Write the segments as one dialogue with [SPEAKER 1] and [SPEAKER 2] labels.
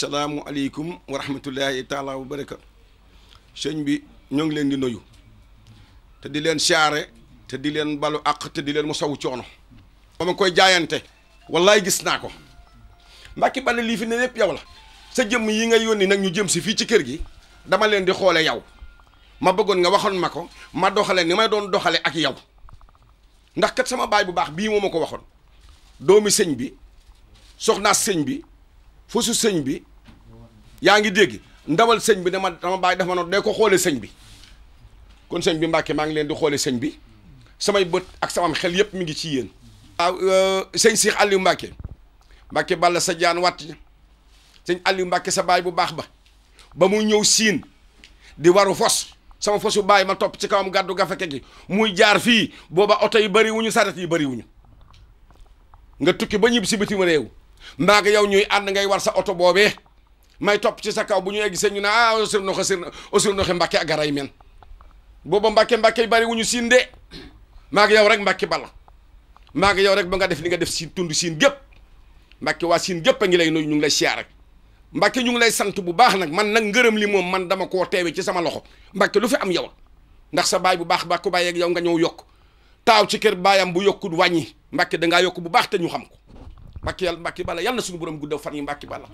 [SPEAKER 1] asalaamualeykum wa rahmatullahi taala wa barakatu sëñ bi ñoo ngi leen di nuyu te di leen siyaare te di leen balu àq te di leen mu mosawu coono ba ma koy jaayante wallaay gis naa ko mbàkki bale lii fi ne lépp yow la sa jëmm yi nga yónni nag ñu jëm si fii ci kër gi dama leen di xoole yow ma bëggoon nga waxoon ma ko ma doxale ni may doon doxale ak yow ndax kat sama baay bu baax bii moo ma ko waxoon doomi sëñ bi soxnaa sëñ bi fosu sëñ bi yaa ngi dégg ndawal sëñ bi dama dama bàyyi dafa ma noonu day ko xoolee sëñ bi kon sëñ bi Mbàkke maa ngi leen di xoole sëñ bi samay bët ak samam xel yëpp mu ngi ci yéen. waaw ah, euh, sëñ Cheikh Aliou Mbàkke Mbàkke Balla sa jaan wàtt sëñ Aliou Mbàkke sa baay bu baax ba ba muy ñëw siin di waru fos. sama fosu bàyyi ma topp ci kawam gàddu gafeke gi muy jaar fii booba oto yi bariwuñu wuñu saret yi bariwuñu nga tukki ba ñibbi si bitim réew mbaa nga yow ñuy ànd ngay war sa oto boobee may topp ci sa kaw bu ñu egg see ñu ne ah osir noxe sir osir noxe mbàkke ak garay men booba mbàkke mbàkke yi ñu siin de maa ngi yow rek mbàkke bala maa ngi yow rek ba nga def li nga def siin tund siin gépp mbàkke waa siin gépp a ngi lay ñu ngi lay siyaar rek mbàkke ñu ngi lay sant bu baax nag man nag ngërëm li moom man dama koo teewe ci sama loxo mbàkke lu fi am yow ndax sa baay bu baax ba ku bàyyeeg yow nga ñëw yokk taaw ci kër baayam bu yokkut wàññi mbàkke dangaa yokk bu baax te ñu xam ko mbàkke yàlla mbàkke bala yàlla na suñu borom guddaw fan yi mbàkke bala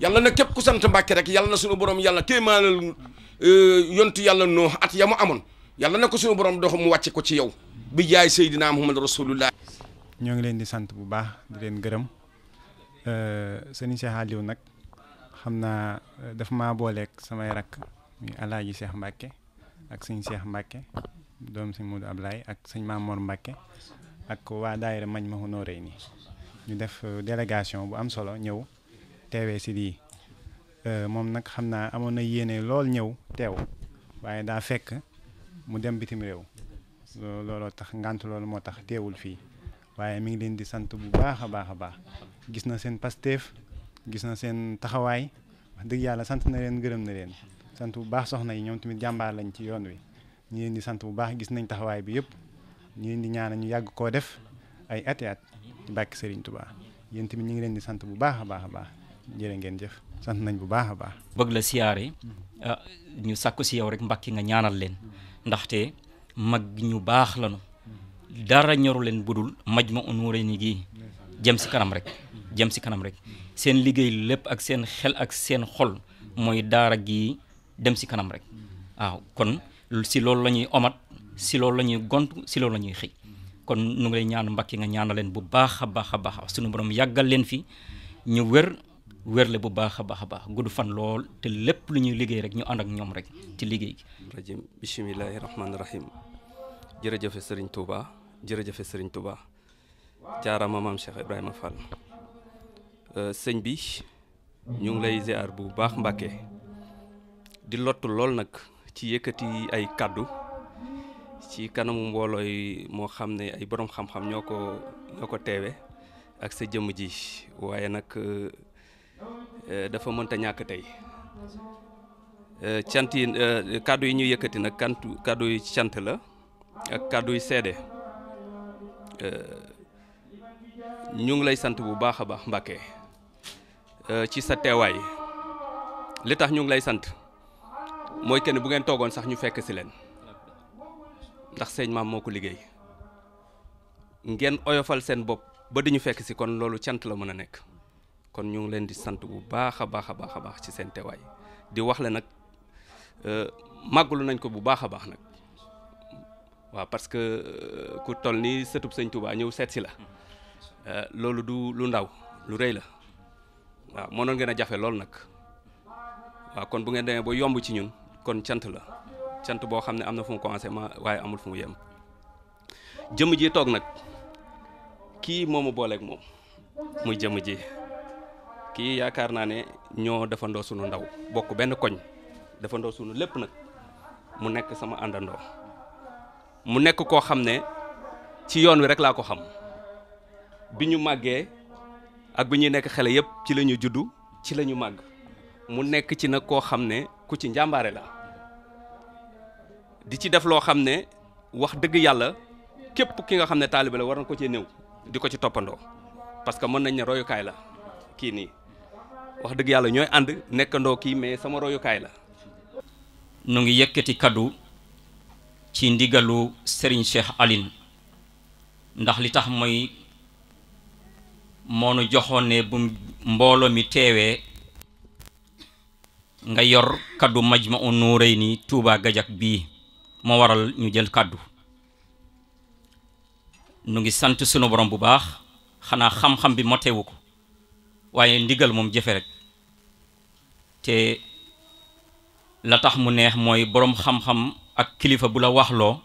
[SPEAKER 1] yàlla na képp ku sant Mbàkke rek yàlla na suñu boroom yàlla kéemaanal euh, yontu yàlla noo at ya mu amoon yàlla na ko suñu borom dox mu wàcce ko ci yow bi jaay Seydina Muhammad rasulullah ñoo ngi leen di sant bu baax di leen gërëm euh, sëñ Cheikh Aliou nag xam naa euh, dafa ma booleek samay rakk muy alaaji Cheikh mbàkke ak sëñ Cheikh Mbacke doom sëñ Modou Ablaye ak sëñ Mamour Mbacke ak waa daayira mañ ma honoré nii ñu def délégation bu am solo ñëw teewee si lii euh, moom nag xam naa amoon na yéene lool ñëw teew waaye daa fekk mu dem bitim réew looloo tax ngant loolu moo tax teewul fii waaye mi ngi leen di sant bu baax a baax a baax gis na seen pasteef gis na seen taxawaay wax dëgg yàlla sant na leen gërëm na leen sant bu baax soxna yi ñoom tamit jàmbaar lañ ci yoon wi ñu leen di sant bu baax gis nañ taxawaay bi yëpp ñu leen di ñaanal ñu yàgg koo def ay ati at ci bàkki Serigne Touba yéen tamit ñu ngi leen di sant bu baax a baax a baax. jërë ngeen jëf sant nañ bu baax a baax.
[SPEAKER 2] bëgg la siyaare mm-hmm. ah, ñu sàkku si yow rek mbàkki nga ñaanal leen mm-hmm. ndaxte mag ñu baax lañu mm-hmm. dara ñoru leen budul Majmahun Nurayni gi jëm si kanam rek jëm si kanam rek seen liggéey lépp ak seen xel ak seen xol mooy daara gi dem si kanam rek waaw kon si loolu la ñuy omat si loolu la ñuy gont si loolu la ñuy xëy kon nu ngi lay ñaan mbàkki nga ñaanaleen bu baax a a baax suñu yàggal leen fi ñu wér wér la bu baax a baax a baax
[SPEAKER 3] gudd fan lool te lépp lu ñuy liggéey rek ñu ànd ak ñoom rek ci liggéey gi. rajim bisimilahi rahmaani rahim jërëjëf Serigne Touba jërëjëf Serigne Touba jaarama maam Cheikh Ibrahima Fall euh, sëñ bi ñu ngi lay ziar bu baax Mbàkke di lottu lool nag ci yëkkati ay kàddu ci kanamu mboolooy moo xam ne ay boroom xam-xam ñoo ko ñoo ko teewe ak sa jëmm ji waaye nag. Eh, dafa mënta ñàkk tey eh, cant yi eh, kàddu yi ñu yëkkati nag kantu kàddu yi cant la ak kàddu yi seede ñu ngi lay sant bu baax a baax Mbàkke ci sa teewaay li tax ñu ngi lay sant mooy kenn bu ngeen toogoon sax ñu fekk si ndax liggéey ngeen oyofal seen bopp ba di ñu fekk si kon lolu cant la kon ñu ngi leen di sant bu baax a baax a baax a baax ci seen teewaay di wax la nag euh, màggalu nañ ko bu baax a baax nag waaw parce que euh, ku toll nii sëtub sëñ tubaa ñëw seet si la euh, loolu du lu ndaw lu rëy la waaw mënoon ngeen a jafe loolu nag waaw kon bu ngeen demee ba yomb ci ñun kon cant la cant boo xam ne am na fu mu commencé ma waaye amul fu mu yem jëmm ji toog nag kii moomu booleek moom mu jëmm ji. ki yaakaar naa ne ñoo defandoo sunu ndaw bokk benn koñ defandoo sunu lépp nag mu nekk sama àndandoo mu nekk koo xam ne ci yoon wi rek laa ko xam bi ñu màggee ak bi ñuy nekk xale yëpp ci la ñu juddu ci la ñu màgg mu nekk ci nag koo xam ne ku ci njàmbaare la di ci def loo xam ne wax dëgg yàlla képp ki nga xam ne taalibe la war na ko cee néew di ko ci toppandoo parce que mën nañ ne royukaay la kii nii wax dëgg yàlla ñooy ànd nekkando ki mais sama kay la
[SPEAKER 2] nu ngi yëkkati kaddu ci ndigalu Serigne Cheikh Aline ndax li tax moy moonu joxone bu mbolo mi teewee nga yor kaddu nuraini Touba Gajak bi mo waral ñu jël kaddu nu ngi sante suñu borom bu baax xana xam-xam bi motewu waaye ndigal moom jëfe rek te la tax mu neex mooy boroom xam-xam ak kilifa bu la waxloo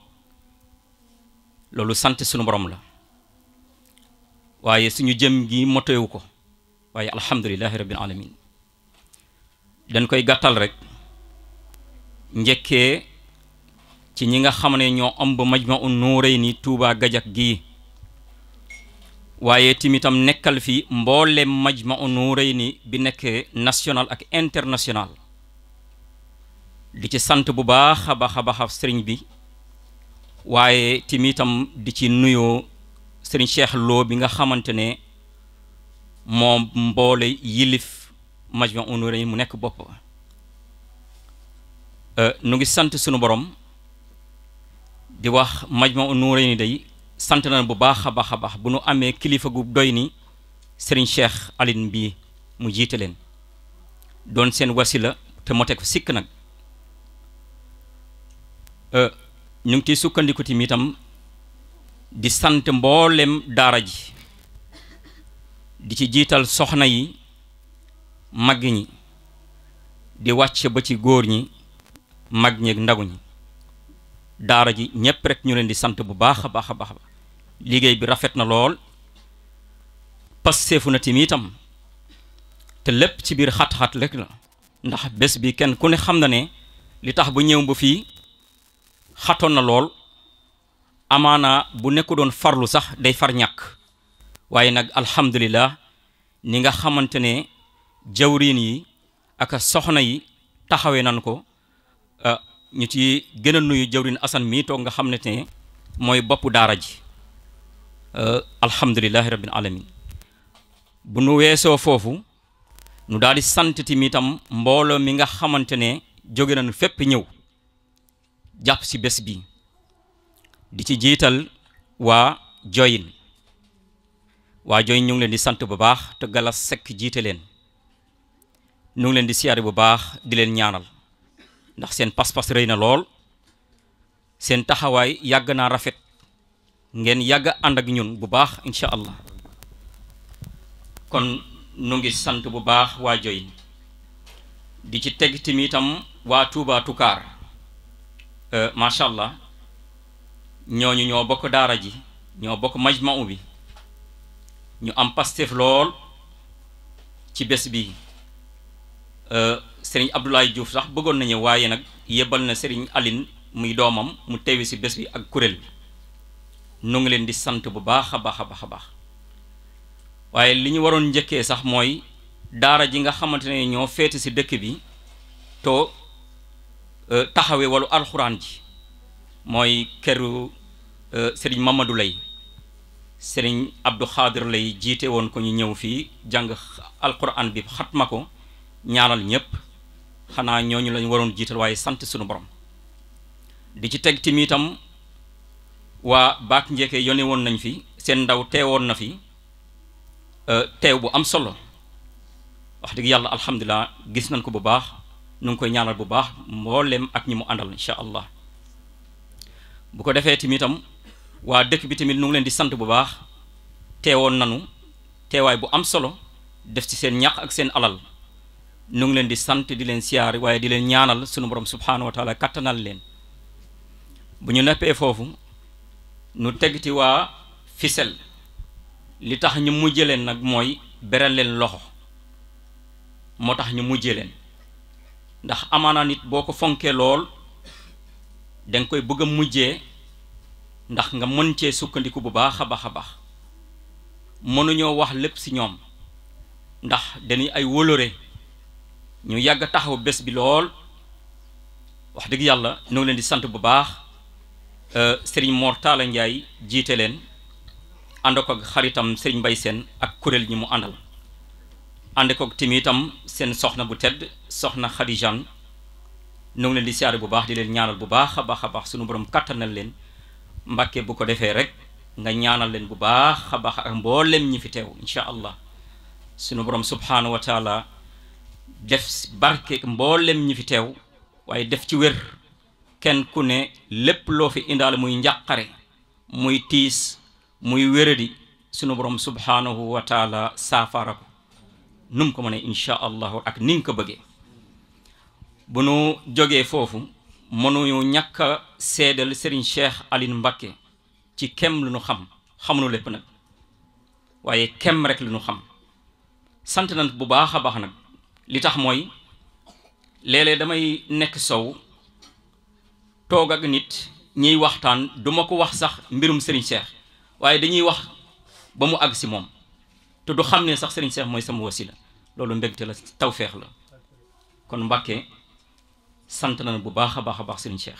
[SPEAKER 2] loolu sant sunu borom la waaye suñu jëm gi motowu ko waaye alhamdulilahi rabbil alamin dañ koy gàttal rek njëkkee ci ñi nga xam ne ñoo ëmb Majmahun Nurayni Tuubaa Gajak gii waaye timitam nekkal fi mboolem Majmahun Nurayni bi nekk national ak international di ci sant bu baax a baax a sëriñ bi waaye timitam di ci nuyoo sëriñ Cheikh Lo bi nga xamante ne moom mboole yilif Majmahun Nurayni mu nekk bopp euh, nu ngi sant sunu borom di wax Majmahun Nurayni day sant na bu baax a baax a baax bu nu amee kilifa gu doy ni sëriñ Cheikh alin bi mu jiite leen doon seen wasila te moo teg fa sikk nag euh, ñu ngi ciy sukkandiku tamit itam di sant mboolem daara ji di ci jiital soxna yi mag ñi di wàcc ba ci góor ñi mag ñeek ndagu ñi daara ji ñëpp rek ñu leen di sant bu baax a baax a baax liggéey bi rafet na lool seefu na timitam te lépp ci biir xat-xat rek la ndax bés bi kenn ku ne xam na ne li tax bu ñëw ba fii xatoon na lool amaana bu nekku doon farlu sax day far ñàkk waaye nag alhamdulilah ni nga xamante ne jawriin yi ak soxna yi taxawee nan ko euh, ñu ci gën a nuyu jëwrin Assane miito nga xam ne te mooy bopp daara ji euh, alhamdulilahi rabbil alamin bu nu weesoo foofu nu daal di sant timitam mbooloo mi nga xamante ne jóge nañu fépp ñëw jàpp ci bés bi di ci jiital waa joyin waa joyin ñu leen di sant bu baax te gala sekk jiite leen ñu ngi leen di siyaare bu baax di leen ñaanal ndax seen pas-pas rëy na lool seen taxawaay yàgg naa rafet ngeen yàgg ànd ak ñun bu baax incha allah kon nu ngi sant bu baax waa Diohine di ci teg timitam waa Touba Toucar euh, macha allah ñooñu ñoo bokk daara ji ñoo bokk majmau bi ñu am pastef lool ci bés bi euh, sëriñ Abdoulaye Diouf sax bëggoon nañu waaye nag yebal na sëriñ alin muy doomam mu teewi si bés bi ak kuréel bi nu ngi leen di sant bu baax a baax baax a baax waaye li ñu waroon njëkkee sax mooy daara ji nga xamante ne ñoo féete si dëkk bi too euh, taxawee walu alxuraan ji mooy këru euh, sëriñ Mamadou Lay sëriñ Abdou Xaadir Lay jiite woon ko ñu ñëw fii jàng alxuraan bi xat ma ko ñaanal ñëpp xanaa ñooñu lañ waroon jiital waaye sant sunu borom di ci teg tamit waa baak njëkkee yónnee woon nañ fi seen ndaw teewoon na fi euh, teew bu am solo wax dëgg yàlla alhamdulilah gis nañ ko bu baax nu ngi koy ñaanal bu baax mboolem ak ñi mu àndal incha allah bu ko defee tamit waa dëkk bi tamit nu leen di sant bu baax teewoon nanu teewaay bu am solo def ci seen ñaq ak seen alal. nung len di sante di len siar waye di len ñaanal sunu borom subhanahu wa taala kattanal len bu ñu neppee nu wa fisel li tax ñu mujje nagmoi nag mooy beral len loxo motax ñu mujje ndax amana nit boko fonké lol dang koy bëgg mujjé ndax nga mën ci sukkandiku bu baaxa baaxa baax mënu ñoo wax lepp ci ñoom ndax dañuy ay woloré ñu yàgg taxawu bés bi lool wax dëgg yàlla ñoo leen di sant bu baax euh, sëriñ Mor Talla Ndiaye jiite leen ànd kook xaritam sëriñ Mbay Seen ak kuréel ñi mu àndal ànd ko ak timitam seen soxna bu tedd soxna Xadijan ñoo leen di siyaare bu baax di leen ñaanal bu baax a baax a baax suñu borom kàttanal leen mbakke bu ko defee rek nga ñaanal leen bu baax a baax ak mboolem ñi fi teew incha allah sunu borom subhaanahu wa taala def barke mboolem ñi fi teew waaye def ci wér kenn ku ne lépp loo fi indaal muy njàqare muy tiis muy wéradi sunu borom subhaanahu wa taala saafara ko num ko mënee incha allahu ak ni ko bëggee bu nu jógee foofu mënuñu ñàkk a seedal Serigne Cheikh Aline Mbacké ci kem lu nu xam nu lépp nag waaye kem rek lu nu xam sant nañ bu baax a baax nag. li tax mooy léeg damay nekk sow toog ak nit ñiy waxtaan duma ko wax sax mbirum Serigne Cheikh waaye dañuy wax ba mu àgg si moom te du xam ne sax Serigne Cheikh mooy sama wasila loolu mbégte la tawfeex la kon Mbàkke sant na bu baax a baax a baax Serigne Cheikh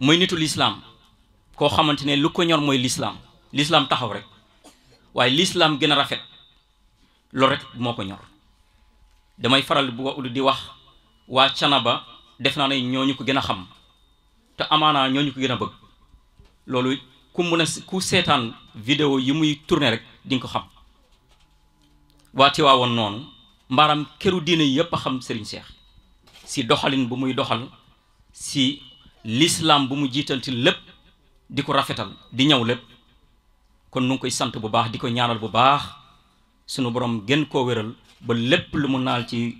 [SPEAKER 2] muy nitu lislaam koo xamante ne lu ko ñor mooy lislaam lislaam taxaw rek waaye lislaam gën a rafet loolu rek moo ko ñor damay faral di wax wa canaba def na lay ñooñu ko gëna xam te amana ñooñu ko gëna bëgg lolu ku mëna ku seetaan vidéo yi muy tourner rek di ko xam wa won non mbaram kéru diiné yépp xam Serigne Cheikh si doxalin bu muy doxal si l'islam bu mu til leb, di diko rafetal di ñëw lepp kon nu ngi koy bu baax di ñaanal bu baax suñu borom gën ko wëral ba lépp lu mu naal ci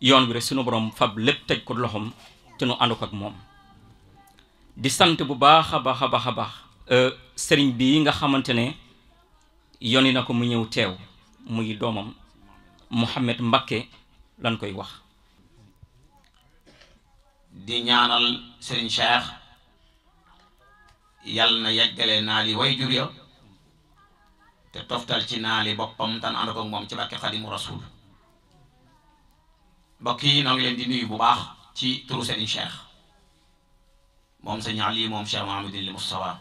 [SPEAKER 2] yoon bi rek sunu borom fab lépp teg ko loxoom te nu ànd ko ak moom di sant bu baax a baax a baax a baax euh, sëriñ bii nga xamante ne yoni na ko mu ñëw teew muy doomam Mouhamed Mbakke lan koy
[SPEAKER 4] wax di ñaanal sëriñ Cheikh yàlla na yeggale naa li way jur ya te toftal ci naali boppam tan ànd ko moom ci barke xadimu rasul mbokk yi noo ngi leen di nuyu bu baax ci turu seen cheikh moom sëñ Ali moom cheikh Mahamadul Mustafa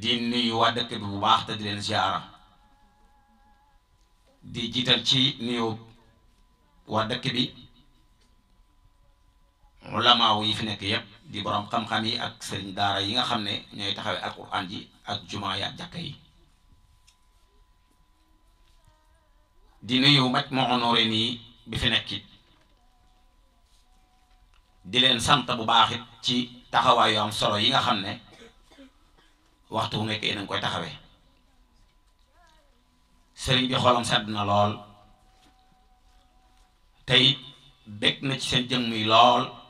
[SPEAKER 4] di nuyu wa dëkk bi bu baax te di leen ziara di jiital ci nuyu waa dëkk bi ulamaaw yi fi nekk yépp di boroom xam-xam yi ak sëriñ daara yi nga xam ne ñooy taxawee alquran ji ak jumaa yi ak jàkka yi di nuyu maj moo honoré nii bi fi nekk di leen sant bu baaxit ci taxawaay yu am solo yi nga xam ne waxtu wu nekk yéen koy taxawee sëriñ bi xolam sedd na lool tey it na ci seen jëmm muy lool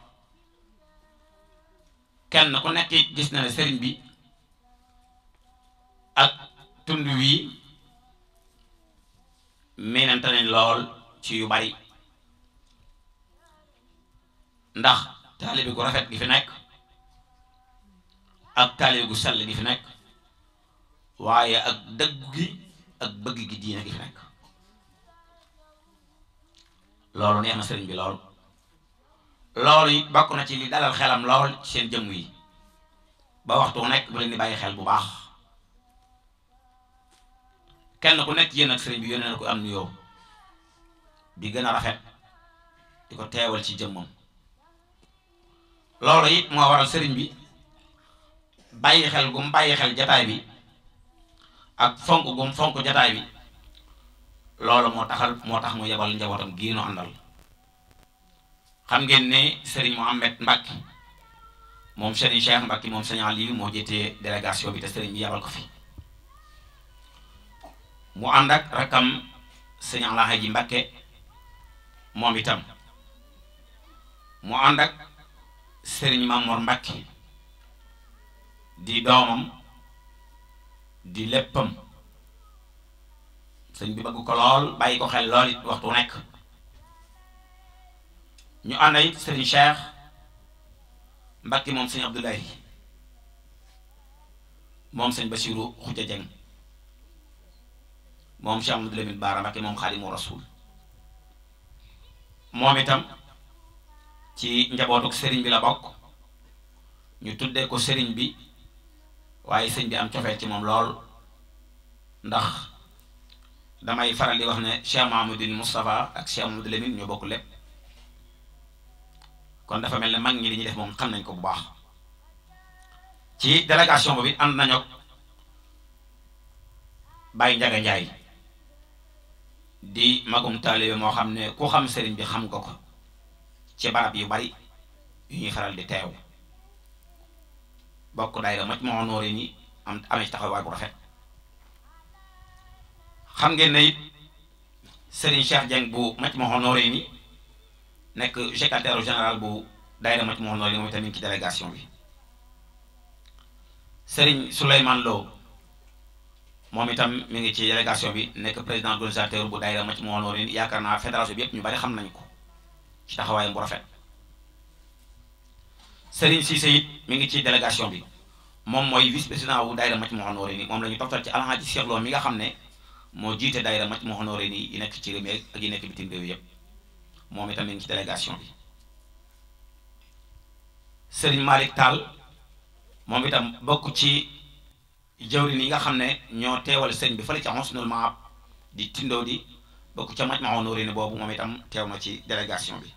[SPEAKER 4] kenn ku nekk gis na ne bi ak tund wii miinante nañ lool ci yu bari ndax taalibe gu rafet gi fi nekk ak taalibe gu sell gi fi nekk waaye ak dëgg ak bëgg gi diine gi fi nekk loolu neex na bi lool loolu yi bokk na ci li dalal xelam lool seen jëmm yi ba waxtu nekk bu leen bàyyi xel bu baax kenn ku nekk yéen ak sëriñ bi yónnee na ko am nuyoo bi gën a rafet di ko teewal ci jëmmam loolu it moo waral sëriñ bi bàyyi xel gum bàyyi xel jataay bi ak fonk gum fonk jataay bi loolu moo taxal moo tax mu yebal njabootam gii nu àndal xam ngeen ne Serigne Mohamed Mbacke moom Serigne Cheikh Mbacke moom Serigne Aliou moo jiite délégation bi te Serigne bi yabal ko fi mu ànd ak rakam Serigne ji Mbacke moom itam mu ànd ak Serigne Mamour di doomam di léppam sëñ bi bëgg ko lool bàyyi ko xel lool waxtu nekk ñu ànd it sëriñ Cheikh Mbacke moom sëñ Abdoulaye moom sëñ Bassirou Khoudia Dieng moom Cheikh Amadou Lamine Bara Mbacke moom Xaadimu Rasul moom itam ci njabootuk sëriñ bi la bokk ñu tuddee ko sëriñ bi waaye sëñ bi am cofee ci moom lool ndax damay faral di wax ne Cheikh Mahamadou Moustapha ak Cheikh Amadou Lamine ñoo bokk lépp. kon dafa mel ne mag ñi li ñuy def moom xam nañ ko bu baax ci délégation bi am nañu ak Baye Ndiaga di magum taalibe moo xam ne ku xam sëriñ bi xam nga ko ci barab yu bari yu ñuy faral di teew bokk daayira maj moo noore ni am amee ci taxawaay bu rafet xam ngeen ne it sëriñ Cheikh Dieng bu maj moo noore ni nekk secrétaire général bu daayira Majmahun Nurayni moom tamit ci délégation bi Serigne Souleymane Lo moom itam mi ngi ci délégation bi nekk président organisateur bu daayira Majmahun Nurayni yaakaar naa fédération bi yëpp ñu bari xam nañu ko ci taxawaayam bu rafet Serigne Cissé it mi ngi ci délégation bi moom mooy vice président bu daayira Majmahun Nurayni moom la toftal ci Alhaji Cheikh Lo mi nga xam ne moo jiite daayira Majmahun Nurayni yi nekk ci réew mi ak yi nekk bitim réew yëpp. moom itam mi ci délégation bi Serigne Malick Tall moom itam bokk ci jawrin yi nga xam ne ñoo teewal sëñ bi fële ca Husnul Maab di tindoo di bokk ca Majmahun Nurayni boobu moom itam teew na ci délégation bi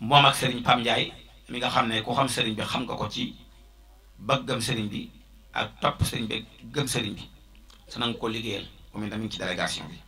[SPEAKER 4] moom ak Serigne Pam Ndiaye mi nga xam ne ku xam Serigne bi xam nga ko ci bëggam sëriñ bi ak topp Serigne bi gëm sëriñ bi sa nanga ko liggéeyal moom itam mi ci délégation bi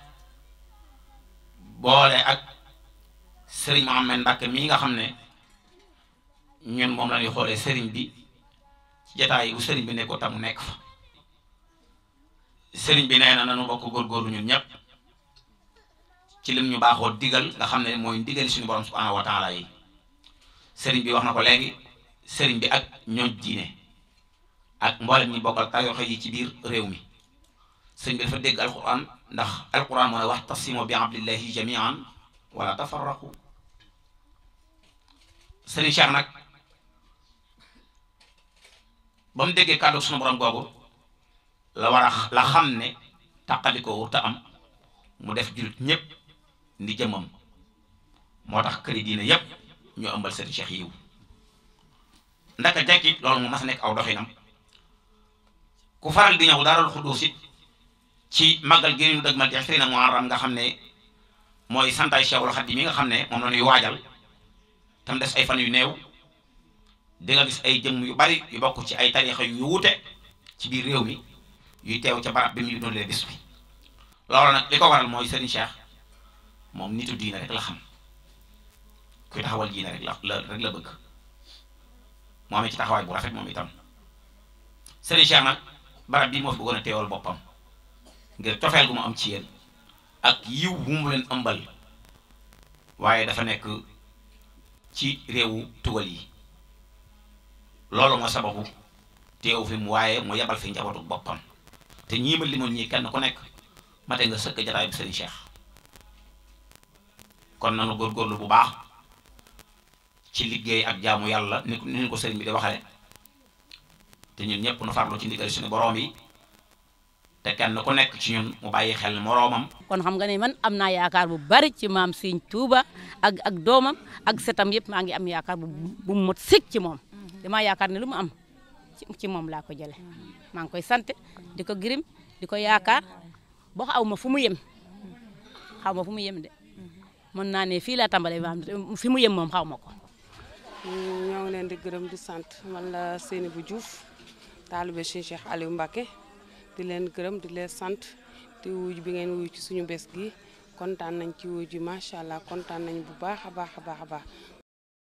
[SPEAKER 4] boole ak sëriñ Mouhamed Mbacke mii nga xam ne ñun moom la ñuy xoolee sëriñ bi ci jataay bu sëriñ bi nekkoo tam nekk fa sëriñ bi nee na nanu bokk góorgóorlu ñun ñëpp ci lim ñu baaxoo diggal nga xam ne mooy digal suñu borom subhanahu wa taala yi sëriñ bi wax na ko léegi sëriñ bi ak ñoo diine ak mboolem ñi bokkal tayoxe yi ci biir réew mi sëñ bi dafa dégg alquran ndax alquran moo ne wax tasimu bi abdillahi jamian wala tafarraqu sëriñ Cheikh nag ba mu déggee kàddu sunu borom googu la war la xam ne tàqalikoo wut a am mu def jullit ñëpp ni jëmmam moo tax këri diine yépp ñu ëmbal sëriñ Cheikh yiw ndaka jekkit loolu mu mas a ku faral di ñëw daaral xudduus ci màggal gi ñu dëgmal na ashrina muharram nga xam ne mooy santaay Cheikhul Khadim mi nga xam ne moom la ñuy waajal tam des ay fan yu néew di nga gis ay jëmm yu bari yu bokk ci ay tarixa yu wuute ci biir réew mi yuy teew ca barab bi loolu nag li ko waral mooy Serigne Cheikh moom nitu diine rek la xam kuy taxawal diine la bëgg moom ci taxawaay moom itam Serigne Cheikh nag barab bii moo fi a teewal boppam. ngir cofeel gu mu am ci yéen ak yiw bu mu leen ëmbal waaye dafa nekk ci réewu tugal yi loolu moo sabaxu teew fi mu waaye mu yebal fi njabootu boppam te ñii ma limoon ñii kenn ku nekk mate nga sëkk jataay bi sëriñ Cheikh kon nanu góorgóorlu bu baax ci liggéey ak jaamu yàlla ni ni ko sëriñ bi di waxale te ñun ñëpp nu farlu ci ndigal suñu boroom yi te kenn ku nekk ci ñun mu bàyyi xel moroomam. kon
[SPEAKER 2] xam nga ne man am naa yaakaar bu bari ci maam Sëñ Tuuba ak ak doomam ak setam yëpp maa ngi am yaakaar bu bu mot sëkk ci moom damaa yaakaar ne lu mu am ci moom laa ko jëlee maa ngi koy sante di ko gërëm di ko yaakaar boo xaw ma fu mu yem xaw ma fu mu yem de mën naa ne fii laa tàmbalee maam fi mu yem moom xaw ma ko.
[SPEAKER 3] ñoo ngi leen di gërëm di sant man la Seynabou Diouf taalibe Cheikh Aliou Mbacké di leen gërëm di leen sant di wuyu bi ngeen wuyu ci suñu bés
[SPEAKER 4] gi kontaan nañ ci wuyu ji macha allah kontaan nañ bu baax a baax a baax a baax